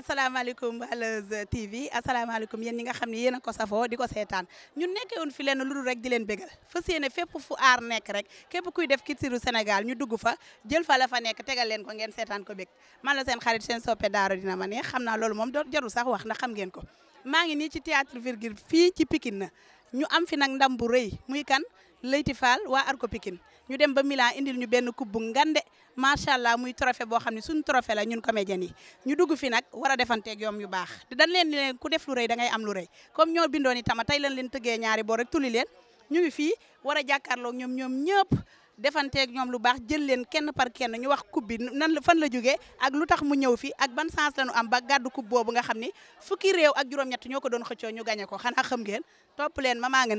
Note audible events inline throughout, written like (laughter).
asalaamaaleykum waa Leuz TV asalaamaaleykum yéen ñi nga xam ne yéen a ko safoo di ko seetaan ñun un fi lenn lu dul rek di leen bégal fas yéene fépp fu aar nekk rek képp kuy def culture Sénégal ñu dugg fa jël fa la fa nekk tegal leen ko ngeen seetaan ko bég man la seen xarit seen soppe daaro dina ma ne xam naa loolu moom doo jarul sax wax ndax xam ngeen ko maa ngi nii ci théâtre Virgile fii ci pikin na ñu am fi nag ndam bu rëy muy kan Leyti Fall waa Arko Pikine ñu dem ba Milan indil ñu benn coupe bu ngande macha allah muy trophée boo xam ne suñu trophée la ñun comédien yi ñu dugg fi nag war a defanteeg yoom yu baax dañ leen leen ku def lu rëy da ngay am lu rëy comme ñoo bindoon itama tey lañ leen tëggee ñaari boor rek tulli leen ñu ngi fii war a jàkkaarloog ñoom ñoom ñëpp defanteek ñoom lu baax jël leen kenn par kenn ñu wax coupe bi nan la fan la jógee ak lu tax mu ñëw fi ak ban sance la ñu am ba gàddu kub boobu nga xam ni fukki réew ak juróom ñoo ko doon xëccoo ñu gañe ko xanaa xam ngeen topp leen ma maa nga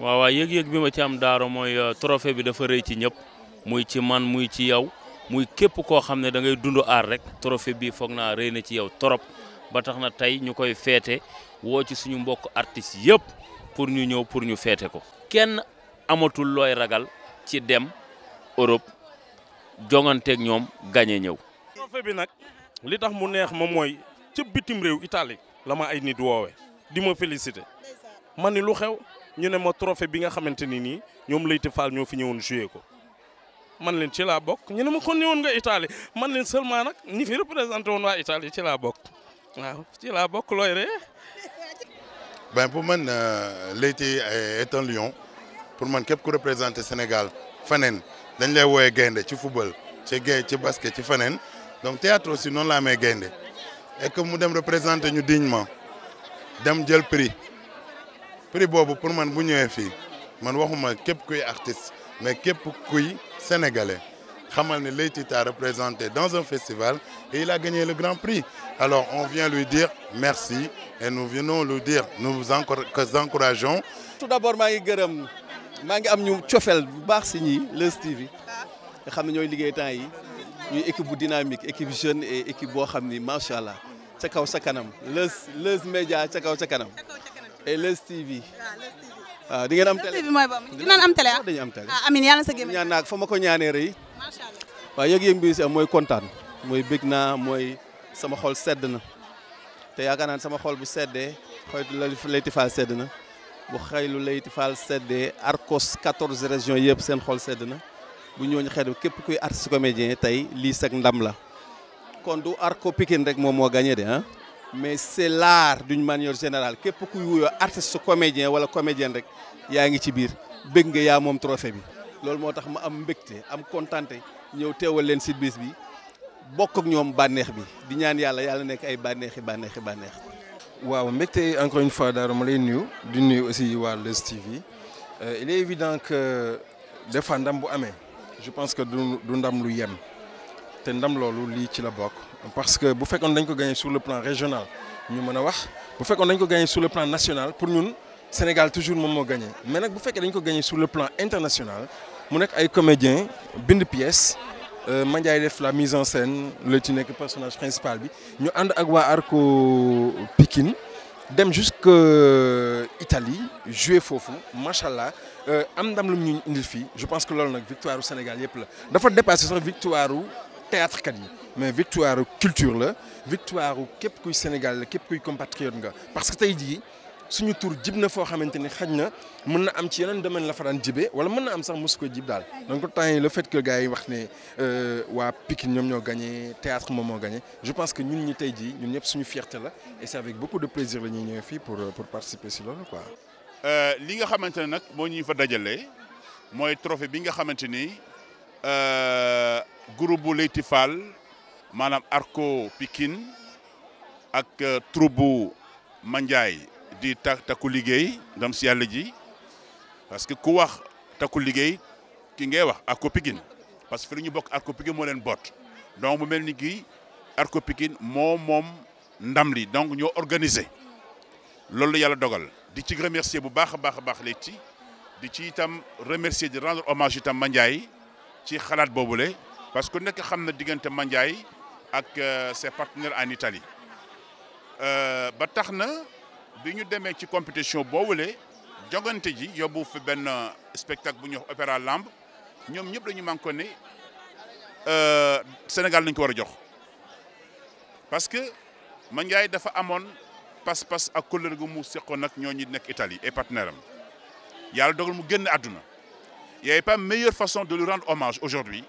waaw waaw yëg-yëg bi ma ci am daaro mooy euh, trophée bi dafa rëy ci ñëpp muy ci man muy ci yow muy képp koo xam ne da ngay dund aar rek trophée bii foog naa rëy na ci yow trop ba tax na tey ñu koy feete woo ci suñu mbokk artistes yëpp pour ñu ñëw pour ñu feete ko kenn amatul looy ragal ci dem Europe jonganteeg ñoom gañe ñëw trophée bi nag li tax mu neex ma mooy ca bitim réew itali la ma ay nit woowe di ma félicité ma ni lu xew ñu ne moo trophée bi nga xamante ni nii ñoom Leyti Fall ñoo fi ñëwoon joué ko man leen ci la bokk ñu ne ma kon ñëwoon nga Italie man leen seulement nag ñi fi représenté woon waa Italie ci laa bokk waaw ci laa bokk looy ree ben pour man euh, Leyti est un pour man képp ku représenté Sénégal faneen dañ lay wooyee gaynde ci football ci gay ci basket ci faneen donc théâtre aussi noonu la amee gaynde et que mu dem représenté ñu dignement dem jël prix prix boobu pour man bu ñëwee fii man waxuma képp kuy artiste mais képp kuy sénégalais xamal ne Leïty t'a représenté dans un festival et il a gagné le grand prix alors on vient lui dire merci et nous venons lui dire nous vous encourageons. tout d'abord maa ngi gërëm maa ngi am ñu cofeel bu baax si ñi Leuz TV nga xam ne ñooy liggéey temps yi ñuy équipe bu dynamique équipe jeune et équipe boo xam ni macha allah ca kaw ca kanam Leuz Leuz Média ca kaw ca kanam. et Leuz TV. waaw ah, ah, di ngeen am télé bi am télé ah dañu ah, am sa gémmiñ fa ma ko ñaanee rëy macha allah yëg-yëg bi si am mooy kontaan mooy bég naa mooy sama xol sedd na te yaakaar naa sama xol bu seddee xëytu Leyti sedd na bu xëylu Leyti Fall seddee Arcos 14 régions yëpp seen xol sedd na bu ñooñu xeetu képp kuy artiste comédien tey lii sag ndam la kon du Arco Pikine rek moom moo gagné de ah mais c'est du d'une manière général képp kuy wuyoo artiste comédien wala comédienne rek yaa ngi ci biir bëgg nga yaa moom trophée bi loolu moo tax ma am mbégte am kontante ñëw teewal leen si bis bi bokk ñoom bànneex bi di ñaan yàlla yàlla nekk ay bànneexi bànneexi bànneex waaw mbégte encore une fois Daro ma lay nuyu du nuyu aussi waa Leuz TV euh, il est évident que euh, des ndam bu amee je pense que du ndam lu yem te ndam loolu lii ci la bokk parce que bu fekkoon dañ ko gagné sur le plan régional ñu mën a wax bu fekkoon dañ ko gagné sur le plan national pour ñun Sénégal toujours moom moo gagné mais nag bu fekkee dañ ko gagné sur le plan international mu nekk ay comédien bind pièce euh, Mandiaye def la mise en scène la ci nekk personnage principal bi ñu ànd ak waa Arco Pikine dem jusque euh, Italie joué foofu macha allah euh, am ndam lu ñu indi fii je pense que loolu nag victoire Sénégal yëpp la théâtre kat yi mais victoire culture la victoire képp kuy Sénégal la képp kuy compatriote nga parce que tey jii suñu tur jib na foo xamante ni xaj na mën na am ci yeneen domaine la fa daan jibee wala mën na am sax mosu ko jib daal donc temps yi le fait que gars wax ne euh, waa Pikine ñoom ñoo gagné théâtre moom moo gagné je pense que ñun ñi tey jii ñun ñëpp suñu fierté la et c'est avec beaucoup de plaisir la ñuy ñëw fii euh, pour participer si loolu quoi. Euh, li nga xamante ne nag moo ñuy fa dajalee mooy trophée bi nga xamante ni. groupe bu Leyti Fall maanaam Arco ak euh, troupe bu Mandiaye di ta takku liggéey ndam si yàlla ji parce que ku wax takku liggéey ki ngay wax Arco Pikine parce que fi ñu bokk Arco Pikine moo leen boot donc mu mel ni kii Arco Pikine moom moom ndam li donc ñoo organisé loolu la yàlla dogal di ci remercier bu baax a baax a baax Leyti di ci itam remercier di rendre hommage itam Mandiaye ci xalaat boobu le parce que nekk xam na diggante Mandiaye ak euh, ses partenaires en Italie euh, ba tax na bi ñu demee ci compétition boobule jogante ji yóbbu fi spectacle bu ñuy wax opéra lamb ñoom ñëpp dañu man ko ne euh, Sénégal lañ ko war a jox parce que Mandiaye dafa amoon pas-pas ak kóllëre gu mu seqoon nag ñoo ñi nekk Italie et partenaire am yàlla dogal mu génn àdduna y' a pas meilleure façon de lui rendre hommage aujourd'hui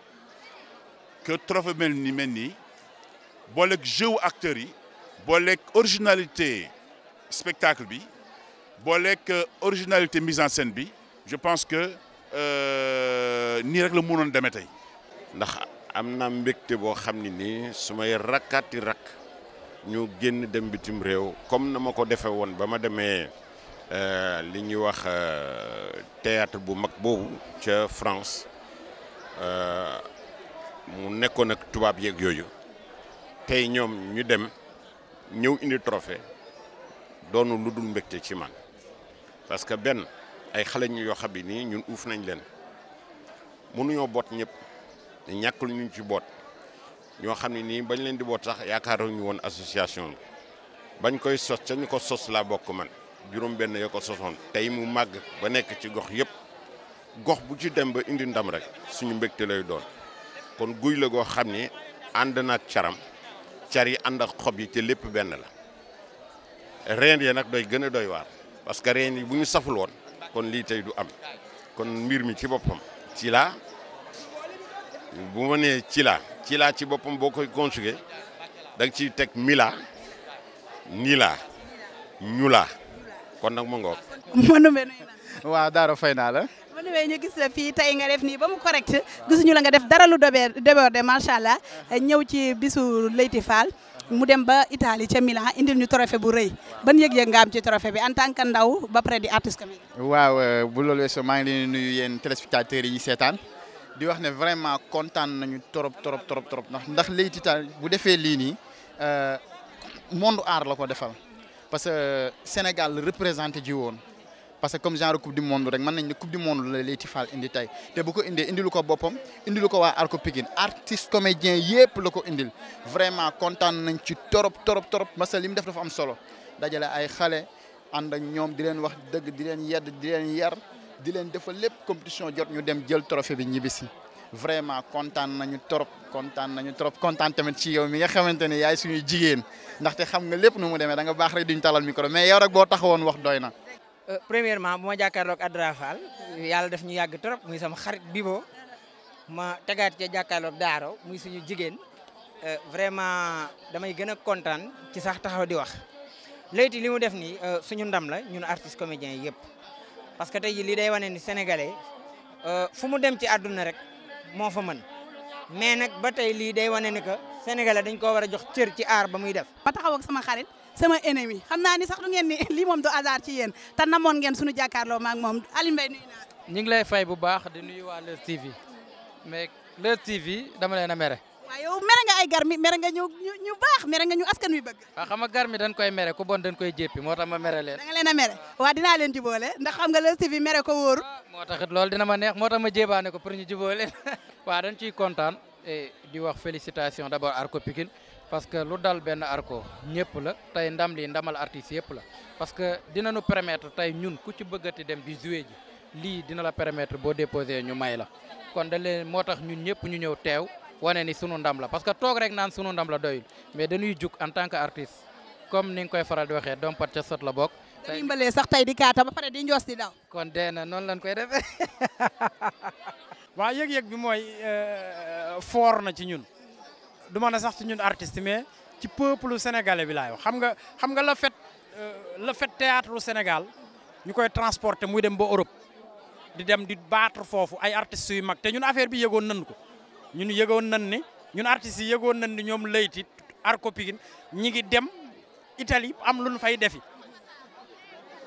que trophée mel ni mel nii booleeg jeu acteurs yi booleeg originalité spectacle bi booleeg euh, originalité mise en scène bi je pense que euh, nii rek la mu mënoon demee tey. ndax am na mbégte boo xam ne nii su may rakkaati rakk ñu génn dem bitim réew comme na ma ko defee woon ba ma demee euh, li ñuy wax théâtre bu mag boobu ca France. mu nekkoon ak tubaab yeeg yooyu tey ñoom ñu dem ñëw indi trophée doonu lu dul mbégte ci man parce que benn ay xale ñu yoo xam ne nii ñun uuf nañ leen mënuñoo boot ñëpp lu ñu ci boot ñoo xam ne nii bañ leen di boot sax yaakaaruñu woon association bi bañ koy sos ca ñu ko sos laa bokk man juróom benn yoo ko sosoon tey mu màgg ba nekk ci gox yëpp gox bu ci dem ba indi ndam rek suñu mbégte lay doon kon guy la goo xam ni ànd naag caram car yi ànd ak xob yi te lépp benn la reen yi nag doy gën a doy waar parce que reen yi bu ñu saful woon kon lii tey du am kon mbir mi ci boppam ci laa bu ma nee ci laa ci boppam boo koy conjugué da ci teg mila nila ñula kon nag ma ngoog. (laughs) waaw Daro fay naa la. ba ñëwee ñu gis la fii tey nga def nii ba mu correct gisuñu la nga def dara lu débordé macha allah ñëw ci bisu Leyti Fall mu dem ba Italie ca Milan indil ñu trophée bu rëy ban yëg-yëg nga am ci trophée bi en tant que ndaw ba pare di artiste waaw euh, bu loolu weesoo maa ngi leen nuyu yéen téléspectateurs yi seetaan di wax ne vraiment kontaan nañu trop trop trop trop ndax ndax Leyti Tall bu defee lii nii euh, monde art la ko defal parce que euh, Sénégal représenté ji woon. parce que comme genre coupe du monde rek mën nañ ne coupe du monde la Leyti Fall indi tey te bu ko indee indilu ko boppam indilu ko waa Arco Pikine artiste comédien yépp la ko indil vraiment kontaan nañ ci trop trop torop parce que li mu def dafa am solo dajale ay xale ànd ak ñoom di leen wax dëgg di leen yedd di leen yar di leen defal lépp compétition jot ñu dem jël trophée bi ñibbisi vraiment kontaan nañu trop kontaan nañu trop kontaan tamit ci yow mi nga xamante ne yaay suñuy jigéen ndaxte xam nga lépp nu mu demee da nga baax rek duñ talal micro mais yow rek taxawoon wax doy na. Euh, premièrement bu ma jàkkaarloog Adra Fall yàlla def ñu yàgg trop muy sama xarit bibo ma tegaat ca jàkkaarloog Daaro muy suñu jigéen euh, vraiment damay gën a kontaan ci sax taxaw di wax. Leyti li mu def ni euh, suñu ndam la ñun artiste comédien yëpp parce que tey jii lii day wane ni sénégalais fu mu dem ci àdduna rek moo fa mën mais nag ba tey lii day wane ni que sénégalais dañ ko war a jox cër ci aar ba muy def. ma taxaw sama xarit. sama ennemi xam naa ni sax du ngeen ni (laughs) lii moom du hasard ci yéen te namoon ngeen suñu jàkkaarloo maak moom Alioune Mbaye nuyu naa ñu ngi lay fay bu baax di nuyu waa Leuz TV mais Leuz TV dama leen a mere. waaw yow mere nga ay garmi mere nga ñu ñu baax mere nga ñu askan wi bëgg. waaw xam a garmi dañ koy mere ku bon dañ koy jéppi moo tax ma mere leen. da nga leen a mere waaw dinaa leen jubóole ndax xam nga Leuz mere ko wóoru. Ah, moo taxit loolu dina ma neex moo tax ma jébaane ko pour ñu jubóole (laughs) waaw dañ ciy kontaan di wax félicitation d'abord Arco Pikine parce que lu dal benn arko ñëpp la tey ndam lii ndamal artistes yëpp la parce que dinañu permettre tey ñun ku ci bëggati dem di jouer ji lii dina la permettre boo déposé ñu may la kon da moo tax ñun ñëpp ñu ñëw teew wane ni sunu ndam la parce que toog rek naan sunu ndam la doy mais dañuy jug en tant que artiste comme ni nga koy faral di waxee dompat ca sot la bok tey sax tey di kaata ba pare di njoos di daw. kon dee na noonu lañ koy defee. (laughs) waa yëg-yëg bi mooy euh, foor na ci ñun. du ma ne sax ci ñun artiste mais ci peuple sénégalais bi laay xam nga xam nga la fait euh, la fait théâtre au Sénégal ñu koy transporter muy dem ba Europe di dem di battre foofu ay artistes yu mag te ñun affaire bi yëgoon nañ ko ñun yëgoon nañ ni ñun artistes yëgoon nañ ni ñoom layti arko Pikin ñi ngi dem Italie am lu ñu fay defi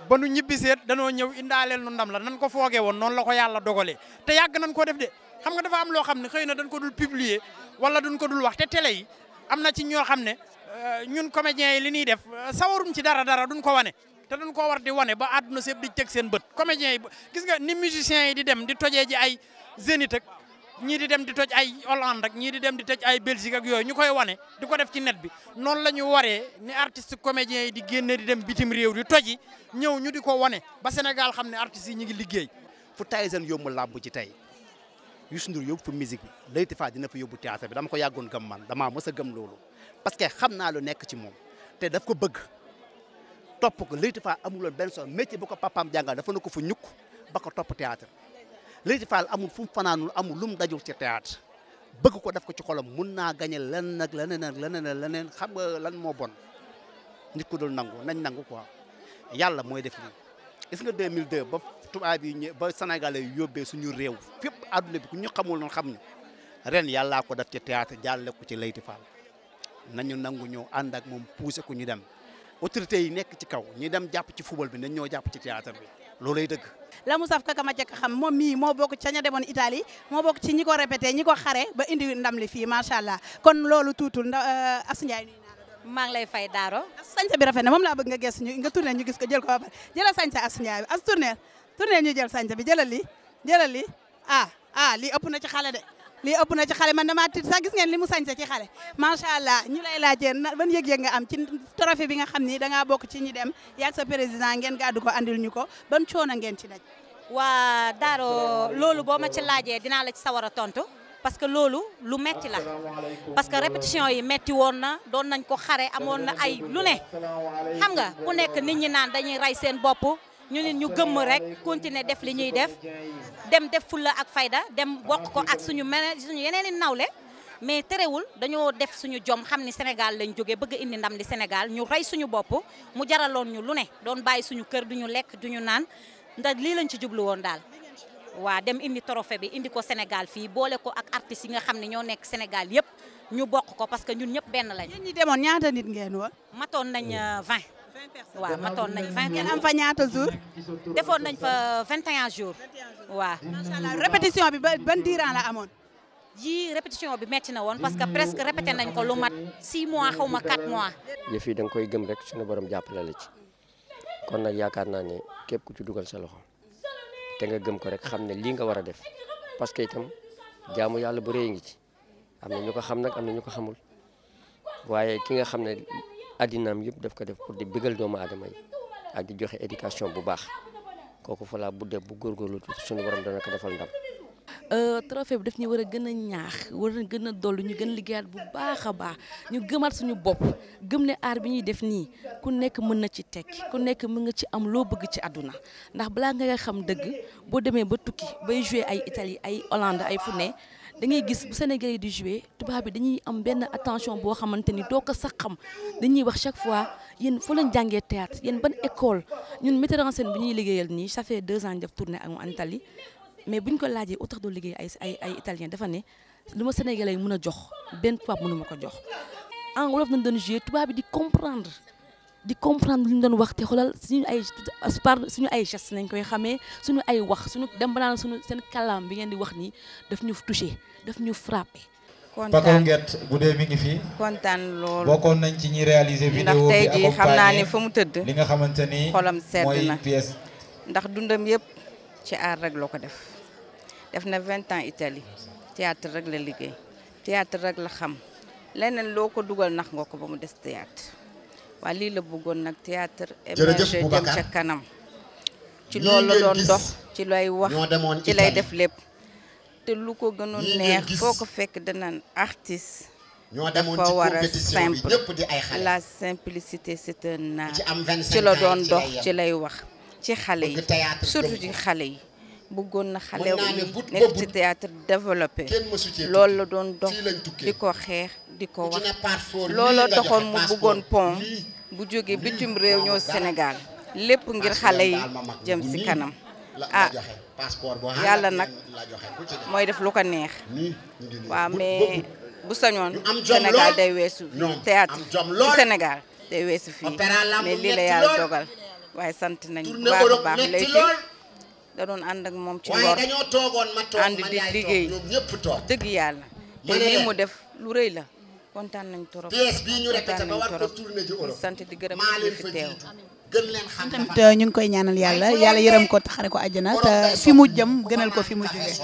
ba nu ñibbiseet danoo ñëw indaaleel nu ndam la nan ko foogee woon noonu la ko yàlla dogalee te yàgg nañ koo def de. xam nga dafa am loo xam ne xëy na dañ ko dul publier wala duñ ko dul wax te télé yi am na ci ñoo xam ne euh, ñun comédiens yi li ñuy def euh, sawaruñ ci dara dara duñ ko wane te duñ ko war di wane ba àdduna sépp di teg seen bët comédiens yi gis nga ni musiciens yi di dem di tojee ji ay Zénith ak ñii di dem di toj ay Hollande ak ñii di dem di toj ay Belgique ak yooyu ñu koy wane di ko def ci net bi noonu la ñu waree ni artiste comédiens yi di génne di dem bitim réew di toji ñëw ñu di ko wane ba Sénégal xam ne artistes yi ñu ngi liggéey fu Tyson yomb làmb ci tey Youssou Ndour yóbbu fa musique bi Laye Tifa dina fa yóbbu théâtre bi dama ko yàggoon gëm man damaa mës a gëm loolu parce que xam naa lu nekk ci moom te daf ko bëgg topp ko Laye Tifa amuloon benn son métier bu ko papaam jàngal dafa na ko fa ñukk ba ko topp théâtre Laye Tifa amul fu mu fanaanul amul lu mu dajul ci théâtre bëgg ko def ko ci xolam mun naa gañe leneen ak leneen leneen leneen xam nga lan moo bon nit ku dul nangu nañ nangu quoi yàlla mooy def lii gis nga 2002 ba tubaab yi ñë ba sénégalais yi yóbbee suñu réew fépp àdduna bi ku ñu xamul noonu xam ñu ren yàllaa ko def ci théâtre jàlle ko ci lay Leyti Fall nañu nangu ñëw ànd ak moom poussé ku ñu dem autorité yi nekk ci kaw ñu dem jàpp ci football bi nañ ñoo jàpp ci théâtre bi loolay dëkk la mu saf kaka ma jëkk xam moom mii moo bokk ci ña demoon Italie moo bokk ci ñi ko répété ñi ko xare ba indi ndam li fii macha allah kon loolu tuutul ndax euh, Assou Ndiaye maa ngi lay fay Daaro. sañse bi rafet na moom laa bëgg nga gis ñu nga tourné ñu gis ko jël ko ba pare jëlal sañse as Ndiaye as tourné tourné ñu jël sañse bi jëlal lii jëlal lii ah ah lii ëpp na ci xale de lii ëpp na ci xale man damaa tiit sa gis ngeen li mu sañse ci xale macha allah ñu lay laajee ban yëg-yëg nga am ci trophée bi nga xam ni dangaa bokk ci ñi dem yaag sa président ngeen gàddu ko andil ñu ko ban coono ngeen ci daj. waa Daaro loolu boo ma ci laajee dinaa la ci sawar a tontu. parce que loolu lu metti la parce que répétition yi metti woon na doon nañ ko xare amoon na ay lu ne xam nga ku nekk nit ñi naan dañuy rey seen bopp ñu nit ñu gëmm rek continuer def li ñuy def dem def fulla ak fayda dem bokk ko ak suñu mene suñu yeneen i nawle mais terewul dañoo def suñu jom xam ni Sénégal lañ jógee bëgg indi ndam li Sénégal ñu rey suñu bopp mu jaraloon ñu lu ne doon bàyyi suñu kër duñu lekk duñu naan ndax lii lañ ci jublu woon daal waa dem indi trophée bi indi ko Sénégal fii boole ko ak artistes yi nga xam ne ñoo nekk Sénégal yëpp ñu bokk ko parce que ñun ñëpp benn lañ yéen demoon ñaata nit ngeen woon. matoon nañ 20. Euh, waaw matoon nañ 20 ngeen am fa ñaata jours. defoon nañ fa 21 jours. waaw macha allah répétition bi ba diiran la amoon. yii répétition bi metti na woon parce que presque répété nañ ko lu mat 6 mois xaw ma 4 mois. yëf yi koy gëm rek suñu borom jàppale la ci kon nag yaakaar naa ne képp ku ci dugal sa loxo. te nga gëm ko rek xam ne lii nga war a def parce que itam jaamu yàlla bu rëy ngi ci am na ñu ko xam nag am na ñu ko xamul waaye ki nga xam ne addinaam yëpp daf ko def pour di bégal doomu aadama yi ak di joxe éducation bu baax kooku fa bu budde bu góorgóorlu tuuti suñu borom dana ko defal ndam Euh, trophée bi daf ñu war a gën a ñaax war a gën a dollu ñu gën liggéeyaat bu baax a baax ñu gëmaat suñu bopp gëm ne aar bi ñuy def nii ku nekk mën na ci tekk ku nekk mën nga ci am loo bëgg ci àdduna ndax balaa nga xam dëgg boo demee ba tukki bay jouer ay Italie ay Hollande ay fu ne da ngay gis bu Sénégalais di jouer tubaab bi dañuy am benn attention boo xamante ni doo ko sax xam dañuy wax chaque fois yéen foo leen jàngee théâtre yéen ban école ñun metteur en scène bi ñuy liggéeyal nii ça fait deux ans def tournée ak Italie mais bu ñu ko laajee au tax doo liggéey ay ay ay italien dafa ne lu ma sénégalais mën a jox benn tubaab mënu ma ko jox en wolof nañ doon jouer tubaab bi di comprendre di comprendre lu ñu doon wax te xoolal su ay suñu ay gestes nañ koy xamee suñu ay wax suñu dem ba naan suñu seen kàllaam bi ngeen di wax nii daf ñu touché daf ñu frappé. kontaan Fatou Nguette bu dee mi ngi fii kontaan loolu bokkoon nañ ci ñi réaliser. vidéo bi accompagné ndax tey jii xam naa ne li nga xamante ni xolam sedd na mooy ndax dundam yëpp. ci aar rek loo ko def def na vingt ans Italie théâtre rek la liggéey théâtre rek la xam leneen loo ko dugal nax nga ko ba mu des théâtre waa lii la bëggoon nag théâtre émergé dem ca kanam ci loolu la doon dox ci lay wax ci lay def lépp te lu ko gënoon neex foo ko fekk danaan artiste dafa war a simple la simplicité c'est un art ci la doon dox ci lay wax ci xale yi surtout ci xale yi bëggoon na xale yi nekk ci théâtre développé loolu la doon dox di ko xeex di ko wax looloo taxoon mu bëggoon pont bu jógee bitim réew ñëw Sénégal lépp ngir xale yi jëm ci kanam ah yàlla nag mooy def lu ko neex waaw mais bu sañoon Sénégal day weesu théâtre ci Sénégal day weesu fii mais lii la yàlla dogal waaye sant nañ bu baax a baax léegi da doon ànd ak moom ci ngor ànd di liggéey dëgg yàlla te lii mu def lu rëy la kontaan nañ trop kontaan nañ trop sant di gërëm di fi teew. tamit ñu ngi koy ñaanal yàlla yàlla yërëm ko taxare ko àjjana te fi mu jëm gënal ko fi mu jógee.